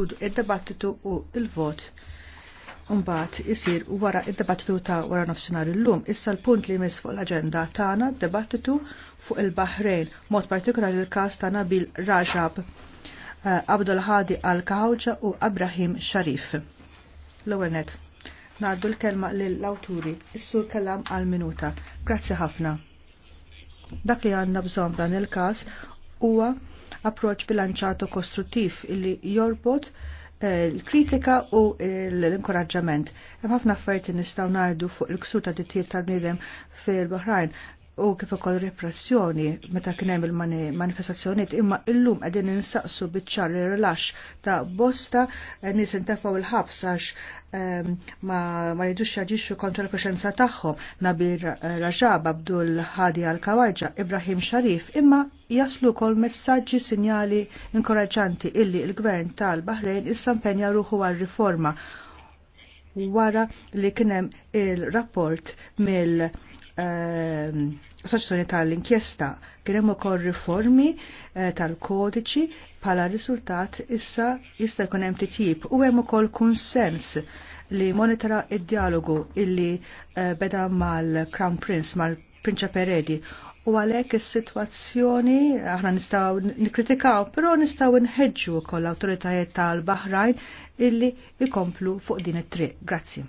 u id-debattitu u il-vot Umbat isir wara id-debattitu ta' wara nofsinar il-lum. Issa l-punt li jmiss fuq l-agenda tagħna debattitu fuq il bahrein mod partikolari l każ ta' Nabil Rajab, eh, Abdul Hadi Al-Kahawġa u Abrahim Sharif. L-ewwel naddu Ngħaddu l-kelma lill-awturi, is kellam għal-minuta. Grazzi ħafna. Dak li għandna bżonn dan il-każ huwa approċ bilanċato kostruttiv illi jorbot eh, l-kritika u eh, l-inkoraġġament. Hemm ħafna affarijiet nistgħu ngħidu fuq il-ksur ta' dittijiet tal-bniedem fil-Bahrajn u kif ukoll repressjoni meta kien hemm il-manifestazzjonijiet imma illum qegħdin insaqsu biċ-ċar rilax ta' bosta eh, nies intefgħu il-ħabs għax ehm, ma jridux jaġixxu kontra l koxenza tagħhom Nabir eh, Rajab Abdul Hadi Al-Kawaġa Ibrahim Sharif imma jaslu kol messaġġi sinjali inkoraġanti illi il-gvern tal-Bahrejn issa mpenja ruħu għal-riforma wara li kienem il-rapport mill- soċjoni ehm, ehm, tal-inkjesta kien hemm ukoll riformi eh, tal-kodiċi bħala riżultat issa jista' jkun hemm titjib u hemm ukoll kunsens li monitora id-dialogu illi eh, beda mal-Crown Prince, mal-Prinċep Eredi u għalek is-sitwazzjoni aħna nistaw nikritikaw, però nistaw nħedġu kol l-autoritajiet tal-Bahrajn illi jkomplu fuq din it-triq. Grazzi.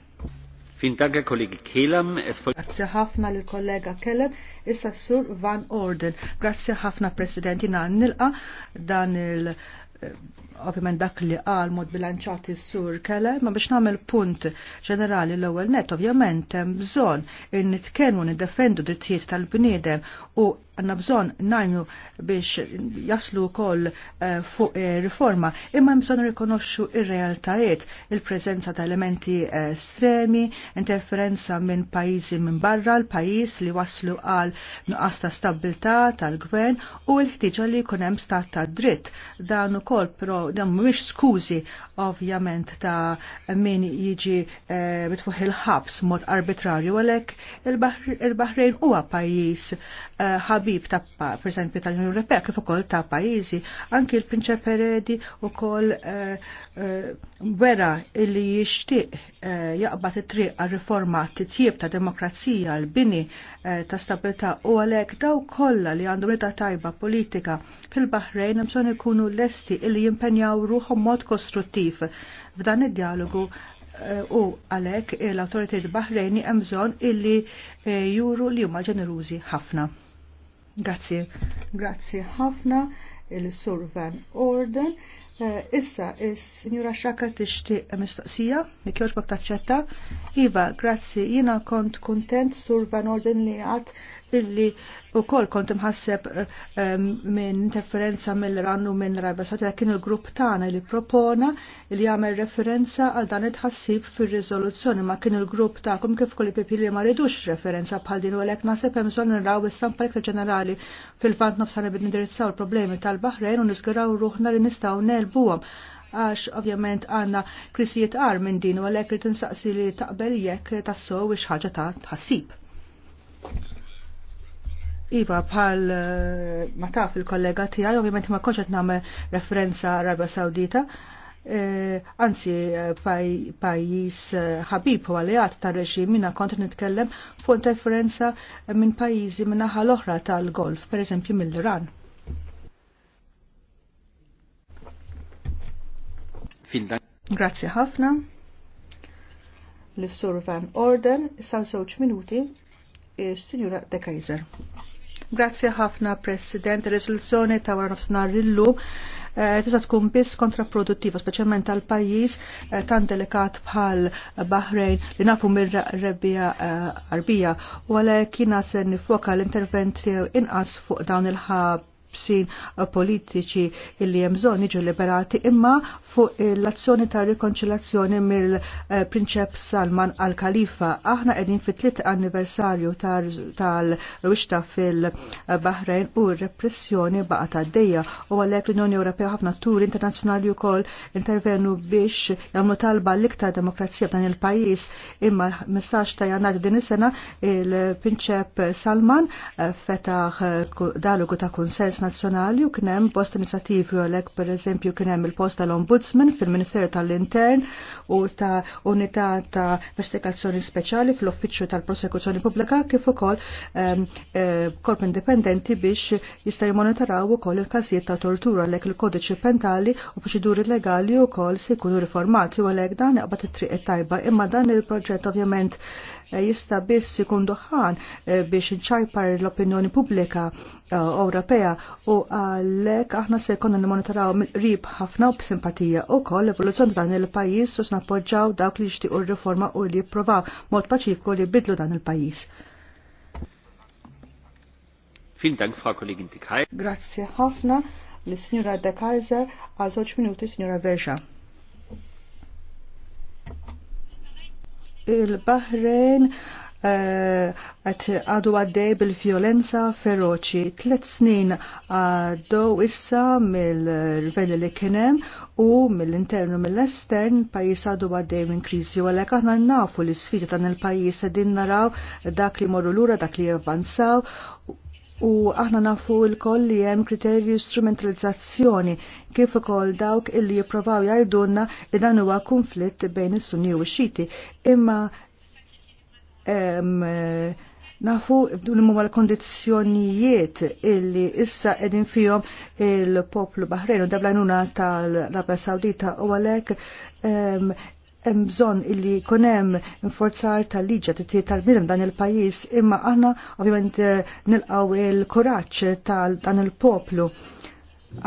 Fin danke kollegi Kelem. Grazie ħafna lil kollega Kelem, issa sur Van Orden. Grazie ħafna Presidenti na nilqa dan il eh, ovvijament dak li qal mod bilanċati sur kele, ma biex nagħmel punt ġenerali l-ewwel net, ovvjament hemm bżonn in nitkellmu niddefendu drittijiet tal-bniedem u għanna bżon najnu biex jaslu kol eh, fuq eh, riforma, imma bżon rikonoxxu il realtajiet il-prezenza ta' elementi eh, estremi, interferenza minn pajizi minn barra l-pajis li waslu għal nuqqas ta' stabilta tal-gvern u l-ħtiġa li kunem stat ta' dritt. Dan ukoll pro dan mhuwiex skużi ovvjament ta' min jiġi bitfuħ il-ħabs mod arbitrarju għalhekk il-Baħrejn huwa pajjiż tabib ta' per esempio tal-Unjoni Ewropea kif ukoll ta' pajjiżi, anki l-Prinċep Eredi ukoll eh, eh, wera illi jixtieq eh, jaqbad it-triq għar-riforma titjib ta' demokrazija l-bini ta' stabilità u għalhekk daw kollha li għandhom rita tajba politika fil-Baħrejn hemm bżonn ikunu lesti illi jimpenjaw ruħhom mod kostruttiv f'dan id-dialogu u għalek l-autoritet baħrejni emżon illi juru li huma ġenerużi ħafna. Grazzi, grazie ħafna il-Sur Van Orden. Eh, issa, il-Signora Xaka t-ixti mistoqsija, mikjoġ bak taċċetta. Iva, grazie, jina kont kontent Sur Van Orden li għat illi u kol kont ħasseb eh, minn interferenza mill rannu minn rajba sa' kien il-grupp tagħna li propona li jagħmel referenza għal dan it-ħassib fir-riżoluzzjoni ma kien il-grupp tagħkom kif kol pipi li ma rridux referenza bħal din u għalhekk naħseb hemm bżonn nraw istampa iktar ġenerali fil-fant nofsani bid indirizzaw il-problemi tal bahrejn u nisguraw ruħna li nistgħu nelbuhom għax ovvjament għanna krisijiet għar minn din u għalek li tinsaqsi li taqbel jekk tassu u ħaġa ta' tħassib. Iva, bħal eh, ma taf il-kollega tijaj, ovvijament ma konċet namme referenza Arabia Saudita, eh, anzi eh, pajis ħabib u għalijat ta' reġimina kontra nitkellem fuq referenza minn pajizi minna ħal oħra tal-golf, per eżempju mill-Iran. Grazie ħafna. L-Sur Van Orden, sa' żewġ minuti, il signora De Kaiser. Grazzi ħafna, President. R-Resoluzzjoni ta' wara nofsinhar illum eh, tista' tkun biss kontraproduttiva, speċjalment tal pajjiż eh, tan delikat bħal Bahrejn li nafu mir-rebbija eh, arbija u għalhekk jiena se nifoka l-intervent inqas fuq dawn il-ħab ħabsin politiċi illi jemżon iġu jiġu liberati imma fuq l-azzjoni ta' rikonċilazzjoni mill-Prinċep Salman al-Khalifa. Aħna qegħdin fit-tliet anniversarju tal-wixta fil bahrain u r-repressjoni baqa' għaddejja u għalhekk l-Unjoni Ewropea ħafna tur internazzjonali wkoll intervenu biex jagħmlu talba l-iktar demokrazija f'dan il-pajjiż imma 15 ta' jannar din is-sena il-Prinċep Salman fetaħ dialogu ta' konsens Nazzjonali u kien hemm post inizjattivi u għalhekk pereżempju kien hemm il-post tal-Ombudsman fil-Ministeru tal-Intern u ta' Unità ta' Investigazzjoni Speċjali fl-Uffiċċju tal-Prosekuzzjoni Pubblika kif ukoll ehm, eh, korp indipendenti biex jista' jmonitoraw ukoll il-każijiet ta' tortura għalhekk il-kodiċi pentali u proċeduri legali wkoll se jkunu riformati u għalhekk dan jaqbad it-triq tajba imma dan il-proġett ovvjament Eh, jista biss ikun doħan eh, biex nċajpar l-opinjoni pubblika eh, Ewropea u għalhekk aħna se jkollna monitoraw rib ħafna u b'simpatija wkoll l evoluzjoni dan il-pajjiż u snappoġġaw dawk li jixtiequ r-riforma u li jippruvaw mod paċifiku li jbidlu dan il-pajjiż. Vielen Dank, Frau Kollegin Dickheim. Grazie ħafna Le signora De Kaiser għal żewġ minuti, Signora Verja. il eh, għat għadu għaddej bil-violenza feroċi. Tlet snin għaddu issa mill-rveli li kienem u mill-internu mill-estern pajis għadu għaddej minn krizi u għalek aħna nafu l-sfida tan il-pajis għedin naraw dak li morru l-ura, dak li avvanzaw u aħna nafu l-koll li hemm kriterju strumentalizzazzjoni kif ukoll dawk illi jippruvaw jgħidulna li dan huwa konflitt bejn is-Sunni u x-Xiti. Imma em, nafu huma l-kondizzjonijiet illi issa qegħdin fihom il-poplu Bahrejn u dablajnuna tal-Arabja Sawdita u għalhekk hemm bżonn illi jkun hemm inforzar tal-liġa tittiet tal-bnidem dan il-pajjiż imma aħna ovvjament eh, nilqgħu il-kuraġġ tal dan il-poplu.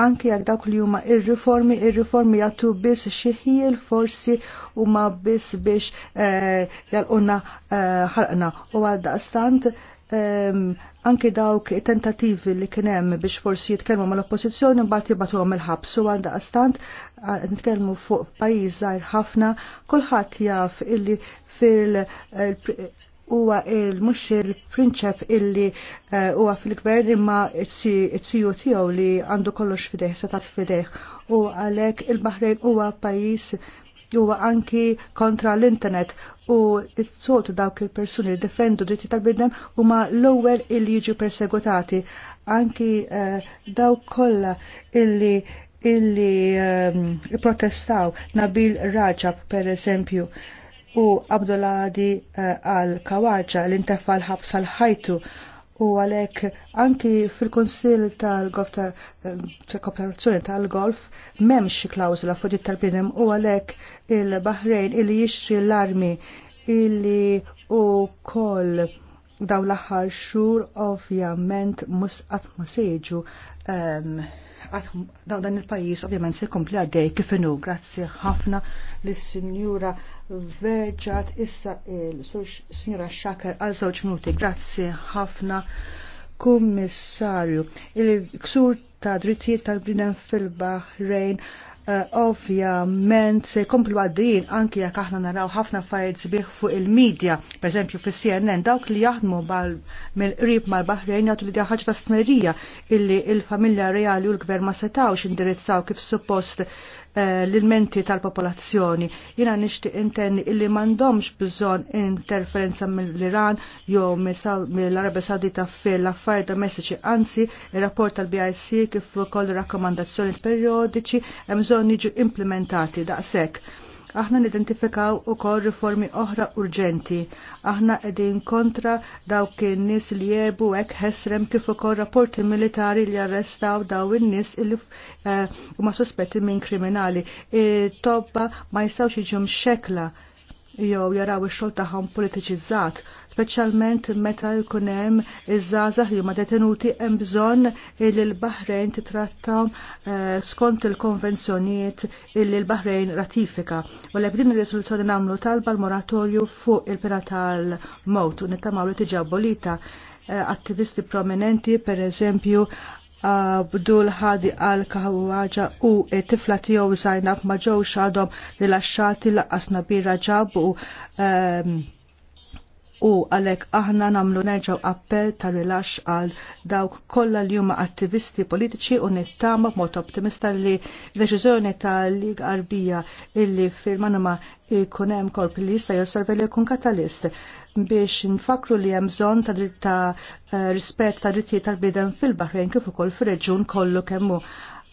Anki jekk dawk li huma ir-riformi, ir-riformi jagħtu biss xi ħiel forsi huma biss biex eh, jalqunna eh, ħalqna u għal daqstant um, anki dawk tentativi li kienem biex forsi jitkelmu mal oppożizzjoni mbagħad jibatu għom il ħabsu għanda għastant nitkellmu fuq pajjiż żgħir ħafna kulħadd jaf illi fil huwa il mhux il-prinċep illi e, huwa fil-gvern imma it-siju e tiegħu li għandu kollox fidejh setat fidejh u għalhekk il-Baħrejn huwa pajjiż juwa anki kontra l-internet u t-sot dawk il-persuni li defendu dritti tal-bidem huma l ewel illi jiġu persegutati anki uh, dawk kollha illi illi um, protestaw Nabil Rajab per eżempju u Abduladi uh, eh, al-Kawaja l-intefa l l ħajtu u għalek anki fil-konsil tal-golf tal-kooperazzjoni eh, tal-golf memx klawzula fuq it-tarbinem u għalek il-Bahrejn illi jixtri l-armi illi u koll daw l-aħħar xhur ovvjament mus qatt ma seġu ehm, daw dan il-pajis ovvjament se kompli għaddej kifinu. Grazzi ħafna li sinjura Verġat issa il sinjura Xaker għal żewġ minuti. Grazzi ħafna kummissarju. Il-ksur ta' drittijiet tal-bnidem fil-Bahrejn Eh, ovvjament se komplu għaddin anki jekk aħna naraw ħafna affarijiet sbieħ fuq il-medja, pereżempju fis-CNN, dawk li jaħdmu mill-qrib mal bahrejn jagħtu li ħaġa ta' stmerija illi il-familja reali u l-gvern ma setawx indirizzaw kif suppost Eh, l-ilmenti tal-popolazzjoni. Jina nishti intenni illi mandomx bżon interferenza mill-Iran jew mill-Arabia Saudita fil-affarijiet domestiċi, anzi il rapport tal-BIC kif ukoll rakkomandazzjoni periodiċi hemm bżonn jiġu implementati daqshekk Aħna nidentifikaw ukoll riformi oħra urġenti. Aħna qegħdin kontra dawk kien nies li jebu hekk ħesrem kif ukoll rapporti militari li arrestaw daw in-nies li eh, huma sospetti minn kriminali. E, tobba ma jistgħux jiġu xekla jew jaraw ix-xogħol tagħhom politiċizzat, speċjalment meta jkun hemm iż-żgħażagħ li huma detenuti hemm bżonn li l-Baħrejn titrattahom eh, skont il-konvenzjonijiet li l-Baħrejn ratifika. U l din ir-riżoluzzjoni nagħmlu talba l-moratorju fuq il-pena tal-mowt u nittamaw li tiġi abolita eh, attivisti prominenti, per eżempju, Abdul Hadi Al Kahawaja u tifla tiegħu Zainab ma ġewx għadhom rilaxxati laqqas Nabira ġabu u ehm, u għalek aħna namlu nerġaw appell ta' rilax għal dawk kollha li huma attivisti politiċi u nittama b'mod optimista li deċiżjoni ta' Lig Arbija illi fil-manuma jkun hemm korp li jista' josserva li jkun katalist biex nfakru li hemm bżonn ta' dritta eh, rispett ta' drittijiet tal-bidem fil-Bahrejn kif ukoll fir-reġjun kollu kemmu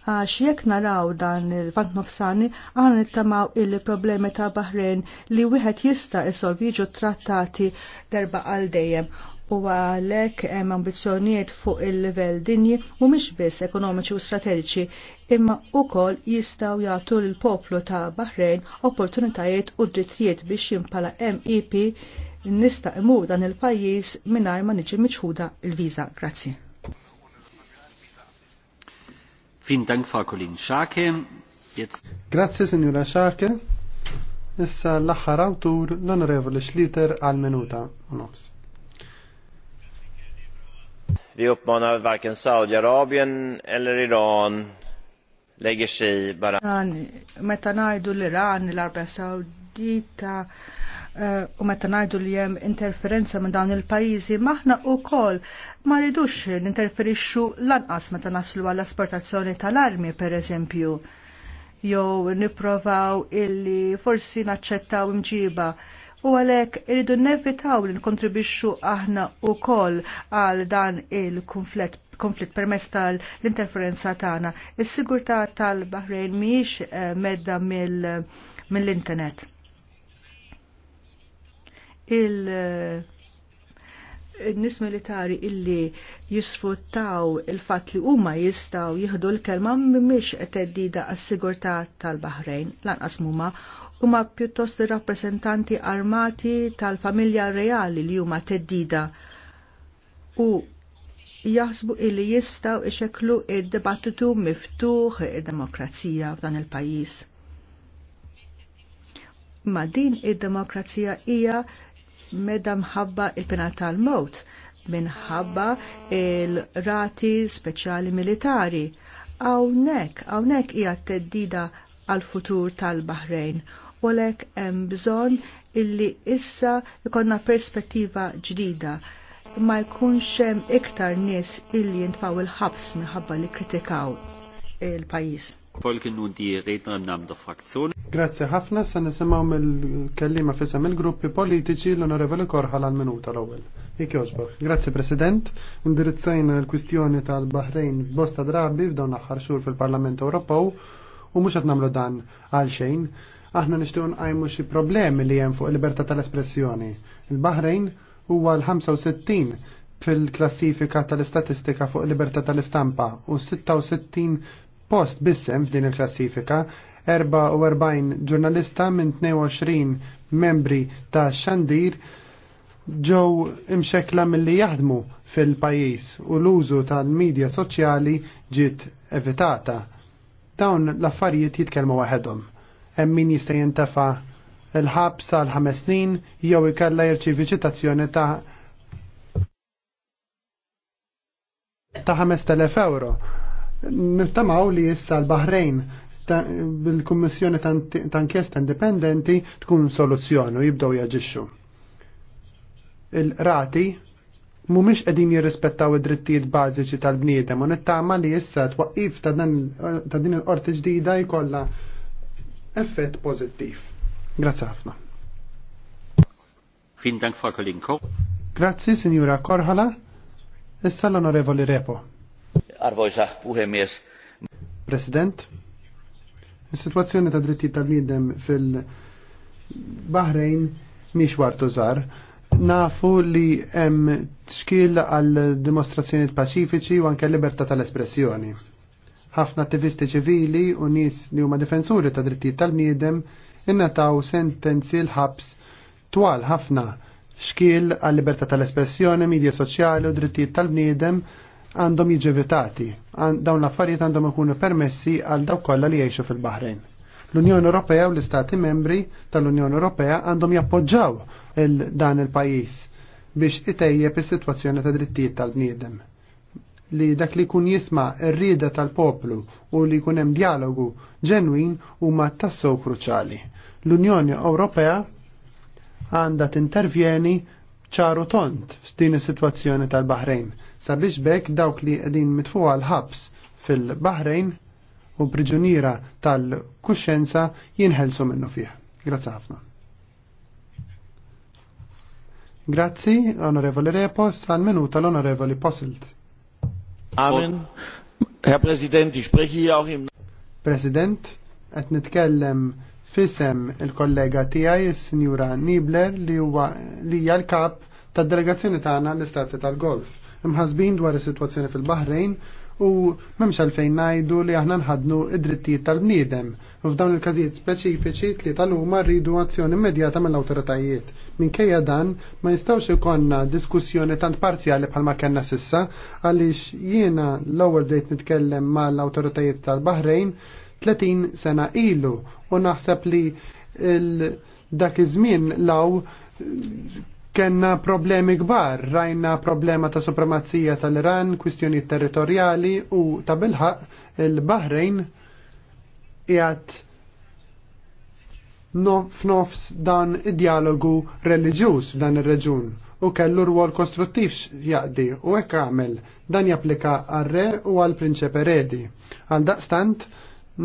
għax jekk naraw dan il-vant nofsani għan nittamaw il-problemi ta' Bahrein li wieħed jista' isolvi jiġu trattati darba għal dejjem u għalhekk hemm ambizzjonijiet fuq il-livell dinji mhumiex biss ekonomiċi u strateġiċi imma wkoll jistgħu jagħtu l poplu ta' Bahrein opportunitajiet u drittijiet biex jimpala MEP nista' imur dan il-pajjiż mingħajr ma niġi miċħuda il-viża. Grazzi. Vielen Dank, Frau Colin Schake. Grazie, signora Schake. Issa l-aħħar awtur l-Onorevoli Schlitter għal minuta u nofs. Vi uppmanar varken Saudi-Arabien eller Iran lägger sig bara. Metanajdu l-Iran, l-Arabia Saudita, Eh, u meta ngħidu li hemm interferenza minn dawn il-pajjiżi maħna wkoll ma rridux ninterferixxu lanqas meta naslu għall asportazzjoni tal-armi pereżempju jew nipprovaw illi forsi naċċettaw imġiba u għalhekk irridu nevitaw li nkontribixxu aħna wkoll għal dan il-konflett konflitt permess tal-interferenza tagħna. Is-sigurtà tal-Bahrejn mhijiex eh, medda mill-internet. mill internet il- eh, nis militari illi jisfruttaw il-fat li huma jistaw jihdu l-kelma mhix teddida għas-sigurtà tal bahrejn lanqas huma huma pjuttost rappresentanti armati tal-familja reali li huma teddida u jaħsbu illi jistaw ixeklu id-dibattitu miftuħ id-demokrazija f'dan il-pajjiż. Ma din id-demokrazija hija Meda mħabba il-pena tal-mot minħabba il-rati speċjali militari. Awnek, awnek hija teddida għal-futur tal-Bahrejn. Walek hemm bżonn illi issa ikonna perspettiva ġdida ma jkunx hemm iktar nies illi jintfaw il-ħabs minħabba li kritikaw il-pajis. Folken di Grazie ħafna, sa nisimaw mill-kellima fissa mill-gruppi politiċi l-onorevoli Korħal għal-minuta l-ewel. Ik joġbaħ. Grazie President, indirizzajna l-kwistjoni tal-Bahrejn bosta drabi f'dawn l-aħħar xhur fil-Parlament Ewropew u mhux qed nagħmlu dan għal xejn. Aħna nixtiequ nqajmu xi problemi li hemm fuq il-libertà tal-espressjoni. Il-Bahrejn huwa l-65 fil-klassifika tal-istatistika fuq il libertà tal-istampa u 66 post bissem f'din il-klassifika 44 ġurnalista minn 22 membri ta' xandir ġew imxekla milli jaħdmu fil-pajis u l-użu tal-medja soċjali ġiet evitata. Dawn l-affarijiet jitkellmu waħedhom. Hemm min jista' jintafa il-ħabs għal ħames snin jew ikella jirċievi ċitazzjoni ta' ta' 5000 euro Nittamaw li issa l-Bahrejn bil-Kummissjoni ta' inkjesta indipendenti tkun soluzzjoni u jibdew jaġixxu. Il-rati mhumiex qegħdin jirrispettaw id-drittijiet bażiċi tal-bniedem u nittama li issa twaqqif ta' din il-qorti ġdida jkollha effett pożittiv. Grazzi ħafna. Fin dank Grazzi, Sinjura Korħala. Issa l-Onorevoli Repo. Arvoisa puhemies. President, is-sitwazzjoni ta' dritti tal-bniedem fil-Bahrejn miex wartu zar. Nafu li hemm txkil għal dimostrazzjoni paċifiċi u anke libertà tal-espressjoni. Ħafna attivisti ċivili u nies li huma difensuri ta' drittijiet tal-bniedem innataw sentenzi l-ħabs twal ħafna xkiel għal libertà tal-espressjoni, medja soċjali u drittijiet tal-bniedem għandhom jiġevitati, Dawn l-affarijiet għandhom ikunu permessi għal dawk kollha li jgħixu fil-Baħrejn. L-Unjoni Ewropea u l-Istati membri tal-Unjoni Ewropea għandhom jappoġġaw il dan il-pajjiż biex itejjeb is-sitwazzjoni ta' drittijiet tal-bniedem. Li dak li jkun jisma' r-rieda tal-poplu u li jkun hemm dialogu ġenwin huma tassew kruċali. L-Unjoni Ewropea għandha tintervjeni ċaru tont f'din is-sitwazzjoni tal-Baħrejn sabiex bekk dawk li qegħdin mitfuqa l-ħabs fil bahrejn u priġuniera tal-kuxenza jinħelsu minnu fih. Grazzi ħafna. Grazzi, onorevoli Repos, għal minuta l-onorevoli Posilt. Amen. Herr Präsident, ich spreche hier auch im President, qed nitkellem fisem il-kollega tiegħi il sinjura Nibler li huwa li hija l-kap tad-delegazzjoni tagħna l-Istati tal-Golf mħazbin dwar is-sitwazzjoni fil-Baħrejn u memx għalfejn najdu li aħna nħadnu id-drittijiet tal-bniedem. U f'dawn il-każijiet speċifiċi li tal-huma rridu azzjoni immedjata mill-awtoritajiet. Minkejja dan ma jistgħux ikonna diskussjoni tant parzjali bħalma kellna sissa għaliex jiena l-ewwel bdejt nitkellem mal-awtoritajiet tal-Baħrejn 30 sena ilu u naħseb li dak iż-żmien law Kenna problemi kbar, rajna problema ta' supremazija tal-Iran, kwistjoni territorjali u ta' bilħaq il-Bahrejn jgħat f'nofs dan id-dialogu reliġjuż dan ir-reġun u kellu rwol kostruttiv jaqdi u hekk għamel dan japplika għal-re u għal-prinċep eredi. Għal daqstant,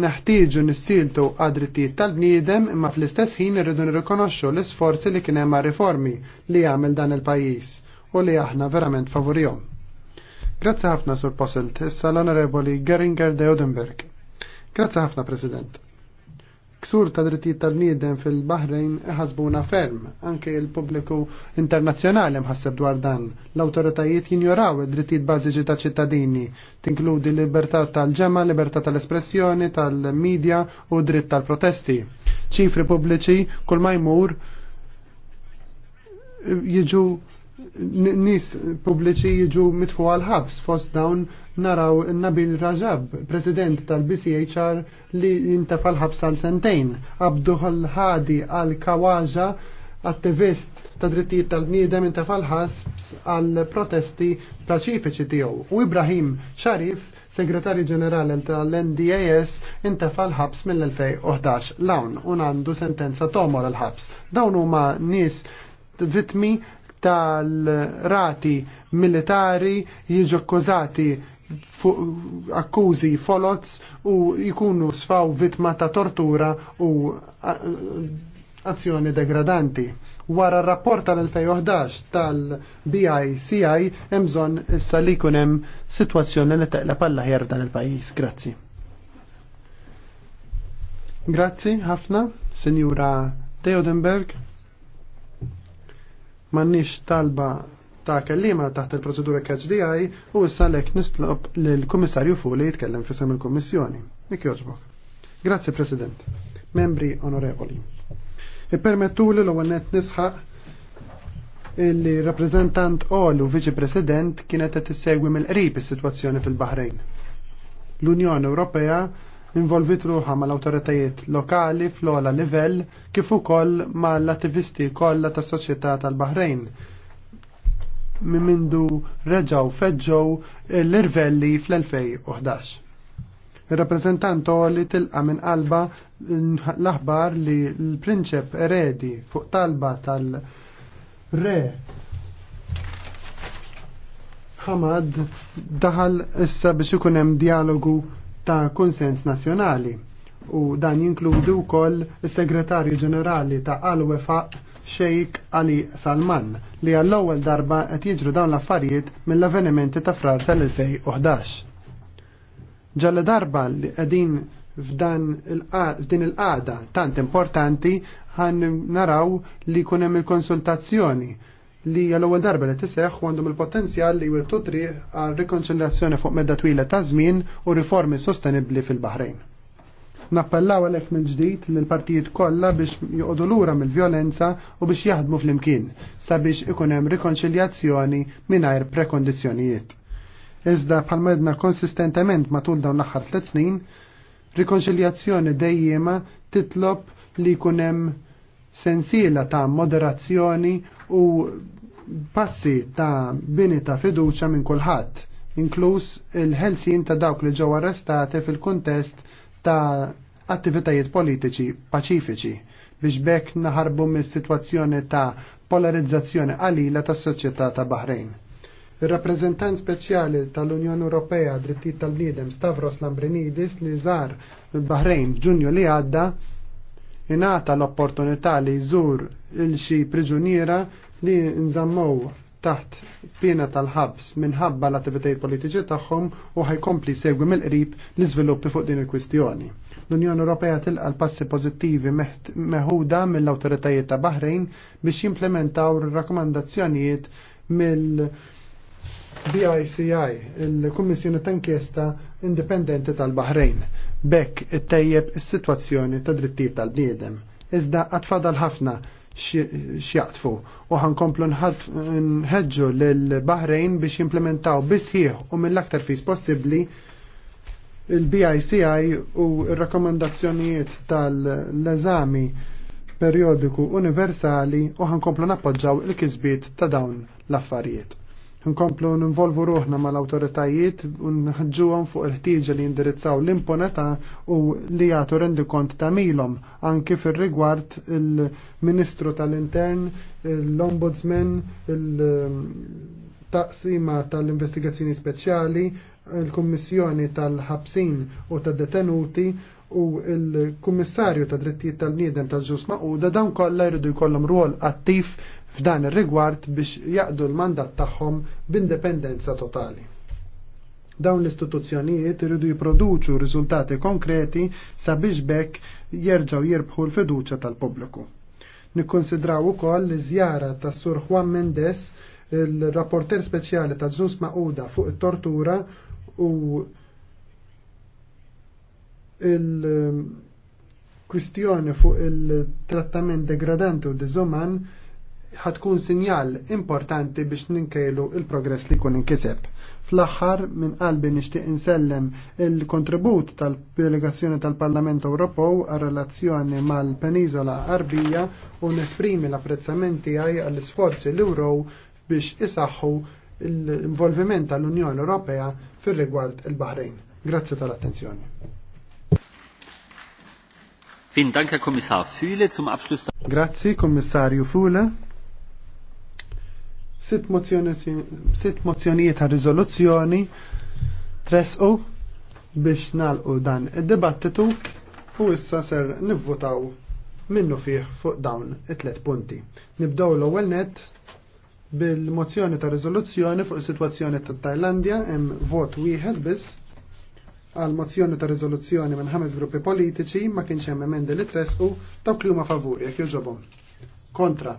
Naħtieġu nissiltu għadrittijiet tal-bniedem imma fl-istess ħin irridu nirrikonoxxu l-isforzi li kien hemm riformi li jagħmel dan il-pajjiż u li aħna verament favorihom. Grazzi ħafna sur Posselt, issa l-Onorevoli Geringer de Odenberg. Grazzi ħafna, President ksur ta' drittijiet tal-bniedem fil-Bahrejn iħasbuna ferm, anke il-pubbliku internazzjonali mħasseb dwar dan. L-awtoritajiet jinjoraw id-drittijiet bażiċi ta' ċittadini, tinkludi libertà tal-ġemma, libertà tal-espressjoni, tal-medja u dritt tal-protesti. Ċifri pubbliċi kull ma jmur jiġu nis pubbliċi jiġu mitfu għal-ħabs fost dawn naraw Nabil Rajab, president tal-BCHR li jinta fal ħabs għal sentejn. Abduħal Hadi għal-Kawaja, attivist ta' drittijiet tal-bniedem jinta fal ħabs għal protesti paċifiċi tiegħu. U Ibrahim Sharif, segretarju ġenerali tal-NDAS, jinta fal ħabs mill-2011 lawn un għandu sentenza tomor l-ħabs. Dawn huma nis' vitmi tal-rati militari jiġu akkużati akkużi folots u jkunu sfaw vitma ta' tortura u azzjoni degradanti. Wara r-rapport tal-2011 tal-BICI hemm bżonn issa li jkun hemm sitwazzjoni li teqla palla ħjar dan il-pajjiż. Grazzi. Grazzi ħafna, Signora Teodenberg. Mannix talba ta' kellima taħt il-proċedura KHDI u issa lek nistlob l-Kummissarju Fuli li jitkellem fisem il-Kummissjoni. Nik joġbok. Grazzi President. Membri onorevoli. Ippermettu li l-ewwel net nisħaq illi rappresentant Ol u Viċi President kienet qed tissegwi mill-qrib is-sitwazzjoni fil bahrejn L-Unjoni Ewropea involvit ruħa mal-awtoritajiet lokali fl-ola livell kif ukoll mal-attivisti kollha tas-soċjetà tal-Baħrejn mindu reġaw feġġow l-irvelli fl-2011. Il-rappresentant li tilqa minn qalba l-aħbar li l-prinċep eredi fuq talba tal-re Hamad daħal issa biex ikun hemm dialogu ta' konsens nazzjonali u dan jinkludu wkoll is-Segretarju Ġenerali ta' al wefa Sheikh Ali Salman li għall-ewwel darba qed jiġru dawn l-affarijiet mill-avvenimenti ta' frar tal-2011. Ġalla darba li qegħdin f'din il-qada tant importanti ħan naraw li kunem il-konsultazzjoni li għal-ewwel darba li tiseħ u għandhom il-potenzjal li jwiltu triq għal rikonċiljazzjoni fuq medda twila ta' żmien u riformi sostenibbli fil-Baħrejn. Nappellaw għalhekk minn ġdid lill partijiet kollha biex joqogħdu lura mill-vjolenza u biex jaħdmu flimkien sabiex ikun hemm rikonċiljazzjoni mingħajr prekondizzjonijiet. Iżda bħalma jedna konsistentement matul dawn l-aħħar tliet snin, rikonċiljazzjoni dejjema titlob li jkun hemm sensiela ta' moderazzjoni u passi ta' bini ta' fiduċa minn kulħadd, inkluż il-ħelsin ta' dawk li ġew arrestati fil-kuntest ta' attivitajiet politiċi paċifiċi biex bekk naħarbu mis situazzjoni ta' polarizzazzjoni qalila tas soċjetà ta' Bahrejn. Ir-rappreżentant speċjali tal-Unjoni Ewropea drittijiet tal bniedem Stavros Lambrinidis li żar il-Bahrejn ġunju li għadda ingħata l-opportunità li jżur il xi priġuniera li nżammow taħt pena tal-ħabs minħabba l-attivitajiet politiċi tagħhom u ħajkompli segwi mill-qrib l-iżviluppi fuq din il-kwistjoni. L-Unjoni Ewropea tilqa l-passi pożittivi meħuda mill-awtoritajiet ta' Bahrein biex jimplementaw r-rakkomandazzjonijiet mill- BICI, il-Kummissjoni ta' Inkjesta Indipendenti tal-Bahrejn. Bekk ittejjeb is-sitwazzjoni ta' drittijiet tal-bniedem. Iżda għatfadal ħafna xjaqtfu u ħankomplu nħeġġu l-Bahrejn biex jimplementaw bisħieħ u mill-aktar fis possibbli il-BICI u r rakkomandazzjonijiet tal-eżami periodiku universali u ħankomplu nappoġġaw il kisbiet ta' dawn l-affarijiet nkomplu ninvolvu ruħna mal-autoritajiet u nħġuhom fuq il-ħtieġa li jindirizzaw l-imponeta u li jagħtu rendikont ta' milhom anke fir-rigward il-Ministru tal-Intern, l-Ombudsman, il-taqsima tal-investigazzjoni speċjali, il-Kummissjoni tal-ħabsin u tad-detenuti u il-Kummissarju tad drittijiet tal-Niedem tal-Ġus Maquda dawn kollha jridu jkollhom rwol attiv f'dan ir-rigward biex jaqdu l-mandat tagħhom b'indipendenza totali. Dawn l-istituzzjonijiet iridu jipproduċu riżultati konkreti sabiex bekk jerġgħu jirbħu l-fiduċja tal-pubbliku. Nikkonsidraw ukoll li żjara ta' Sur Juan Mendes, il-rapporter speċjali ta' Ġnus Maquda fuq it-tortura u il-kwistjoni fuq il-trattament degradanti u diżoman ħatkun sinjal importanti biex ninkejlu il-progress li kun inkiseb. Fl-aħħar minn qalbi nixtieq insellem il-kontribut tal-delegazzjoni tal-Parlament Ewropew għal relazzjoni mal-Peniżola Arbija u nesprimi l-apprezzamenti għaj għall-isforzi l ewrow biex isaħħu l-involviment tal-Unjoni Ewropea fir-rigward il bahrejn Grazzi tal-attenzjoni. Vielen Dank, Herr Kommissar Fühle. Zum Abschluss. Grazie, Kommissarju Fühle. Sitt mozzjonijiet ta' riżoluzzjoni tresqu biex nalqu dan id-dibattitu u issa ser nivvotaw minnu fih fuq dawn it-tlet punti. Nibdew l-ewwel net bil-mozzjoni ta' riżoluzzjoni fuq is-sitwazzjoni ta' Tajlandja hemm vot wieħed biss għal mozzjoni ta' riżoluzzjoni minn ħames gruppi politiċi ma kienx hemm emendi li tresqu dawk li huma favur jekk jilġobhom. Kontra